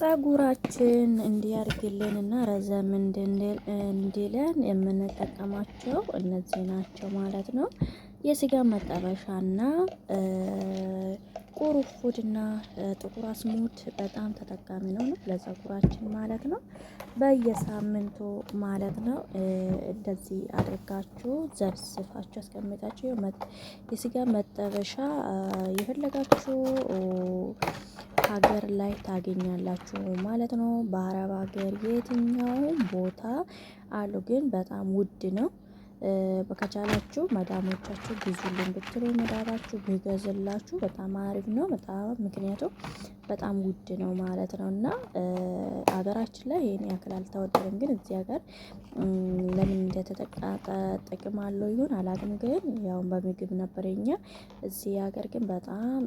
ጸጉራችን እንዲያርግልን እና ረዘም እንዲለን የምንጠቀማቸው እነዚህ ናቸው ማለት ነው። የስጋ መጠበሻና ቁርፉድና ጥቁር አስሙድ በጣም ተጠቃሚ ነው ለጸጉራችን ማለት ነው። በየሳምንቱ ማለት ነው እንደዚህ አድርጋችሁ ዘብስፋችሁ አስቀምጣችሁ የስጋ መጠበሻ የፈለጋችሁ ሀገር ላይ ታገኛላችሁ ማለት ነው። በአረብ ሀገር የትኛውም ቦታ አሉ፣ ግን በጣም ውድ ነው። ከቻላችሁ መዳሞቻችሁ ግዙልን ብትሉ መዳባችሁ ብገዝላችሁ በጣም አሪፍ ነው። በጣም ምክንያቱም በጣም ውድ ነው ማለት ነው እና ሀገራችን ላይ ይህን ያክል አልተወደደም፣ ግን እዚህ ሀገር ለምን እንደተጠቃቀ ጥቅም አለው ይሁን አላውቅም፣ ግን ያው በምግብ ነበር የኛ። እዚህ ሀገር ግን በጣም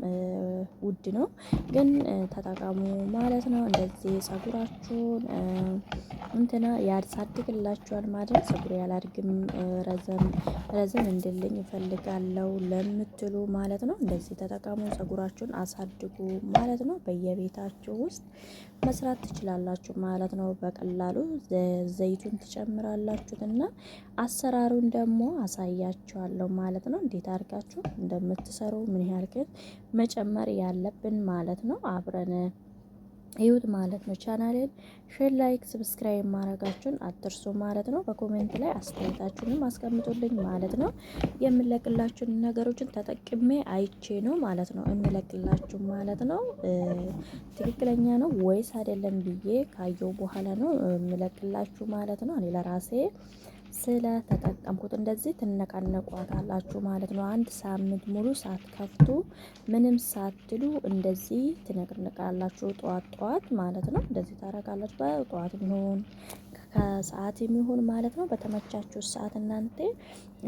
ውድ ነው፣ ግን ተጠቃሙ ማለት ነው። እንደዚህ ጸጉራችሁን እንትና ያሳድግላችኋል ማለት ጸጉር ያላድግም ረዘም ረዘም እንድልኝ እፈልጋለሁ ለምትሉ ማለት ነው እንደዚህ ተጠቀሙ፣ ጸጉራችሁን አሳድጉ ማለት ነው። በየቤታችሁ ውስጥ መስራት ትችላላችሁ ማለት ነው። በቀላሉ ዘይቱን ትጨምራላችሁና አሰራሩን ደግሞ አሳያችኋለሁ ማለት ነው። እንዴት አድርጋችሁ እንደምትሰሩ ምን ያህል ግን መጨመር ያለብን ማለት ነው አብረን ይሁት ማለት ነው። ቻናሌን ሼር፣ ላይክ፣ ሰብስክራይብ ማድረጋችሁን አትርሱ ማለት ነው። በኮሜንት ላይ አስተያየታችሁንም አስቀምጡልኝ ማለት ነው። የምለቅላችሁን ነገሮችን ተጠቅሜ አይቼ ነው ማለት ነው የምለቅላችሁ ማለት ነው። ትክክለኛ ነው ወይስ አይደለም ብዬ ካየው በኋላ ነው የምለቅላችሁ ማለት ነው። እኔ ለራሴ ስለተጠቀምኩት እንደዚህ ትነቃነቋታላችሁ ማለት ነው። አንድ ሳምንት ሙሉ ሳትከፍቱ ምንም ሳትሉ እንደዚህ ትነቅንቃላችሁ። ጠዋት ጠዋት ማለት ነው እንደዚህ ታረጋላችሁ። በጠዋት ይሁን ከሰዓት የሚሆን ማለት ነው። በተመቻችሁ ሰዓት እናንተ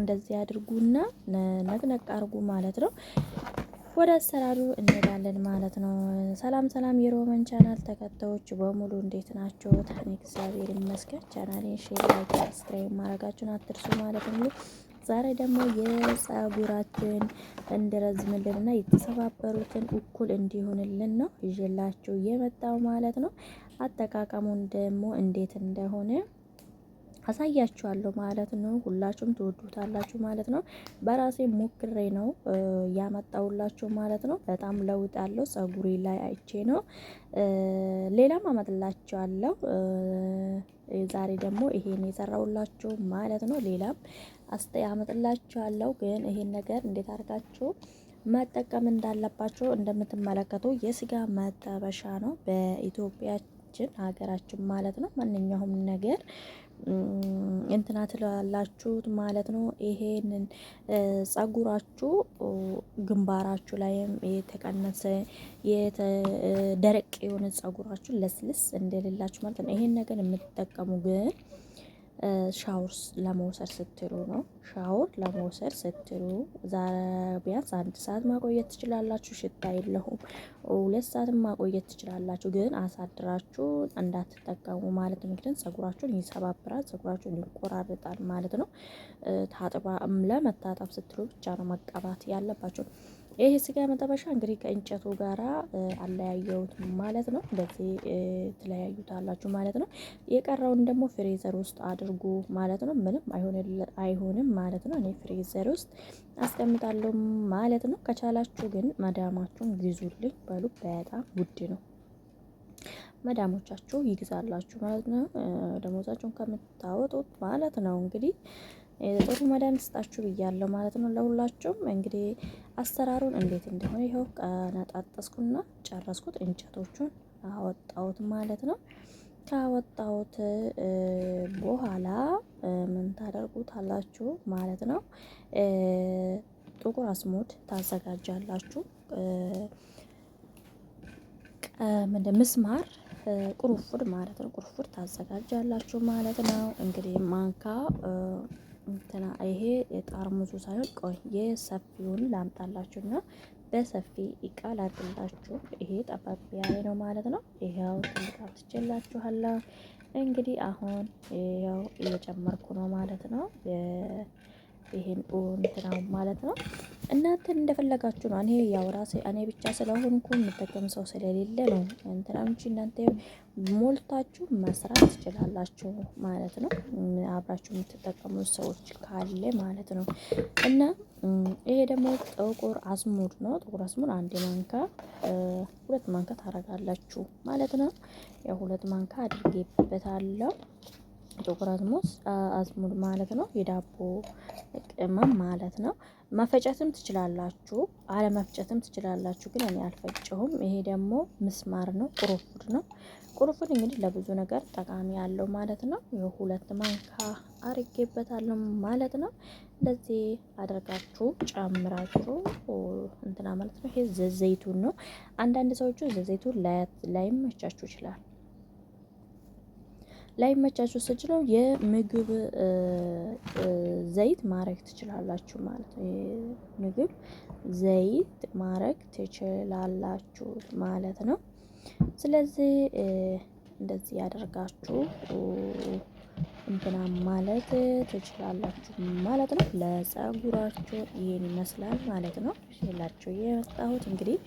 እንደዚህ አድርጉና ነቅነቅ አርጉ ማለት ነው። ወደ አሰራሩ እንሄዳለን ማለት ነው። ሰላም ሰላም የሮመን ቻናል ተከታዮች በሙሉ እንዴት ናቸው? ታኒ እግዚአብሔር ይመስገን። ቻናሌን ሼር፣ ላይክ፣ ሰብስክራይብ ማድረጋችሁን አትርሱ ማለት ነው። ዛሬ ደግሞ የጸጉራችን እንዲረዝምልን እና የተሰባበሩትን እኩል እንዲሆንልን ነው ይዤላችሁ የመጣው ማለት ነው። አጠቃቀሙን ደግሞ እንዴት እንደሆነ አሳያችኋለሁ ማለት ነው። ሁላችሁም ትወዱታላችሁ ማለት ነው። በራሴ ሞክሬ ነው ያመጣውላችሁ ማለት ነው። በጣም ለውጥ ያለው ጸጉሬ ላይ አይቼ ነው። ሌላም አመጥላችኋለሁ። ዛሬ ደግሞ ይሄን የሰራውላችሁ ማለት ነው። ሌላም አመጥላችኋለሁ። ግን ይሄን ነገር እንዴት አድርጋችሁ መጠቀም እንዳለባቸው እንደምትመለከቱ የስጋ መጠበሻ ነው በኢትዮጵያችን ሀገራችን ማለት ነው። ማንኛውም ነገር እንትና ትላላችሁት ማለት ነው። ይሄንን ጸጉራችሁ ግንባራችሁ ላይም የተቀነሰ ደረቅ የሆነ ጸጉራችሁ ለስልስ እንደሌላችሁ ማለት ነው። ይሄን ነገር የምትጠቀሙ ግን ሻወር ለመውሰድ ስትሉ ነው። ሻውር ለመውሰድ ስትሉ ቢያንስ አንድ ሰዓት ማቆየት ትችላላችሁ። ሽታ የለውም። ሁለት ሰዓትም ማቆየት ትችላላችሁ። ግን አሳድራችሁ እንዳትጠቀሙ ማለት ነው። ግን ጸጉራችሁን ይሰባብራል፣ ጸጉራችሁን ይቆራርጣል ማለት ነው። ታጥባ ለመታጠብ ስትሉ ብቻ ነው መቀባት ያለባችሁ። ይህ ስጋ መጠበሻ እንግዲህ ከእንጨቱ ጋራ አለያየሁት ማለት ነው። እንደዚህ ትለያዩታላችሁ ማለት ነው። የቀረውን ደግሞ ፍሬዘር ውስጥ አድርጉ ማለት ነው። ምንም አይሆንም ማለት ነው። እኔ ፍሬዘር ውስጥ አስቀምጣለሁ ማለት ነው። ከቻላችሁ ግን መዳማችሁን ግዙልኝ በሉ። በጣም ውድ ነው። መዳሞቻችሁ ይግዛላችሁ ማለት ነው። ደሞዛችሁን ከምታወጡት ማለት ነው እንግዲህ ጥሩ መዳን ስጣችሁ ብያለሁ ማለት ነው ለሁላችሁም። እንግዲህ አሰራሩን እንዴት እንደሆነ ይኸው ቀነጣጠስኩና ጨረስኩት። እንጨቶቹን አወጣሁት ማለት ነው። ካወጣሁት በኋላ ምን ታደርጉታላችሁ ማለት ነው። ጥቁር አስሙድ ታዘጋጃላችሁ። ምስማር ቁርፉድ ማለት ነው። ቁርፉድ ታዘጋጃላችሁ ማለት ነው። እንግዲህ ማንካ እንትና ይሄ የጠርሙዙ ሳይሆን ቆይ የሰፊውን ላምጣላችሁ እና በሰፊ እቃ ላድርላችሁ። ይሄ ጠባብ ያለ ነው ማለት ነው። ይኸው ትልቅ አውጥቼላችኋለሁ። እንግዲህ አሁን ያው እየጨመርኩ ነው ማለት ነው። ይህን እንትናው ማለት ነው እናንተን እንደፈለጋችሁ ነው። እኔ ያው ራሴ እኔ ብቻ ስለሆንኩ የምጠቀም ሰው ስለሌለ ነው እንትና እናንተ ሞልታችሁ መስራት ትችላላችሁ ማለት ነው። አብራችሁ የምትጠቀሙ ሰዎች ካለ ማለት ነው። እና ይሄ ደግሞ ጥቁር አዝሙድ ነው። ጥቁር አዝሙድ አንድ ማንካ ሁለት ማንካ ታረጋላችሁ ማለት ነው። የሁለት ማንካ አድርጌበታለሁ። ጥቁር አዝሙድ ማለት ነው። የዳቦ ቅመም ማለት ነው። መፈጨትም ትችላላችሁ፣ አለመፍጨትም ትችላላችሁ። ግን እኔ አልፈጨሁም። ይሄ ደግሞ ምስማር ነው፣ ቁርፉድ ነው። ቁርፉድ እንግዲህ ለብዙ ነገር ጠቃሚ ያለው ማለት ነው። ሁለት ማንካ አርጌበታለሁ ማለት ነው። እንደዚህ አድርጋችሁ ጨምራችሁ እንትና ማለት ነው። ይሄ ዘዘይቱን ነው። አንዳንድ ሰዎቹ ዘዘይቱን ላይመቻችሁ ይችላል። ላይ መቻችሁ ስችለው የምግብ ዘይት ማድረግ ትችላላችሁ ማለት ነው። ምግብ ዘይት ማድረግ ትችላላችሁ ማለት ነው። ስለዚህ እንደዚህ ያደርጋችሁ እንትና ማለት ትችላላችሁ ማለት ነው። ለጸጉራችሁ ይሄን ይመስላል ማለት ነው። ይላችሁ የመጣሁት እንግዲህ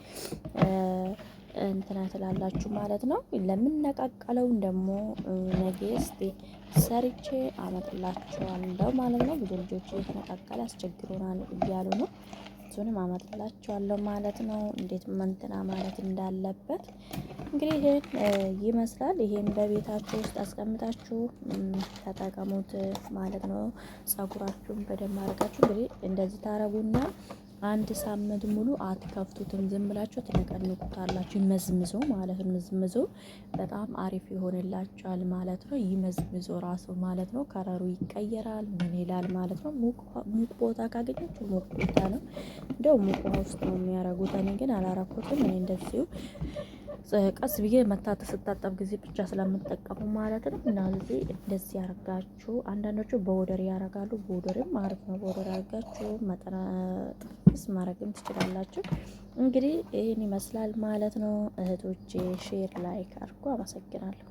እንትና ትላላችሁ ማለት ነው። ለምነቃቀለው ደግሞ ነገ እስቲ ሰርቼ አመጥላችኋለሁ ማለት ነው። ብዙ ልጆች እየተነቃቀለ አስቸግሮናል እያሉ ነው። እሱንም አመጥላችኋለሁ ማለት ነው። እንዴት መንትና ማለት እንዳለበት እንግዲህ ይህን ይመስላል። ይሄን በቤታችሁ ውስጥ አስቀምጣችሁ ተጠቀሙት ማለት ነው። ጸጉራችሁን በደንብ አድርጋችሁ እንግዲህ እንደዚህ ታረጉና አንድ ሳምንት ሙሉ አትከፍቱትም። ዝም ብላችሁ ትነቀንቁታላችሁ። ይመዝምዞ ማለት ነው። መዝምዞ በጣም አሪፍ ይሆንላችኋል ማለት ነው። ይመዝምዞ ራሱ ማለት ነው። ከረሩ ይቀየራል። ምን ይላል ማለት ነው። ሙቅ ቦታ ካገኘችሁ ሙቅ ቦታ ነው። እንደው ሙቅ ውስጥ ነው የሚያረጉት። እኔ ግን አላረኩትም። እኔ እንደዚሁ ቀስ ብዬ መታት ስታጠብ ጊዜ ብቻ ስለምንጠቀሙ ማለት ነው። እና እዚህ እንደዚህ ያደርጋችሁ። አንዳንዶቹ በወደር ያደርጋሉ። በወደርም አሪፍ ነው። በወደር ያደርጋችሁ መጠነ ጥቅስ ማድረግም ትችላላችሁ። እንግዲህ ይህን ይመስላል ማለት ነው እህቶቼ። ሼር ላይክ አድርጎ አመሰግናለሁ።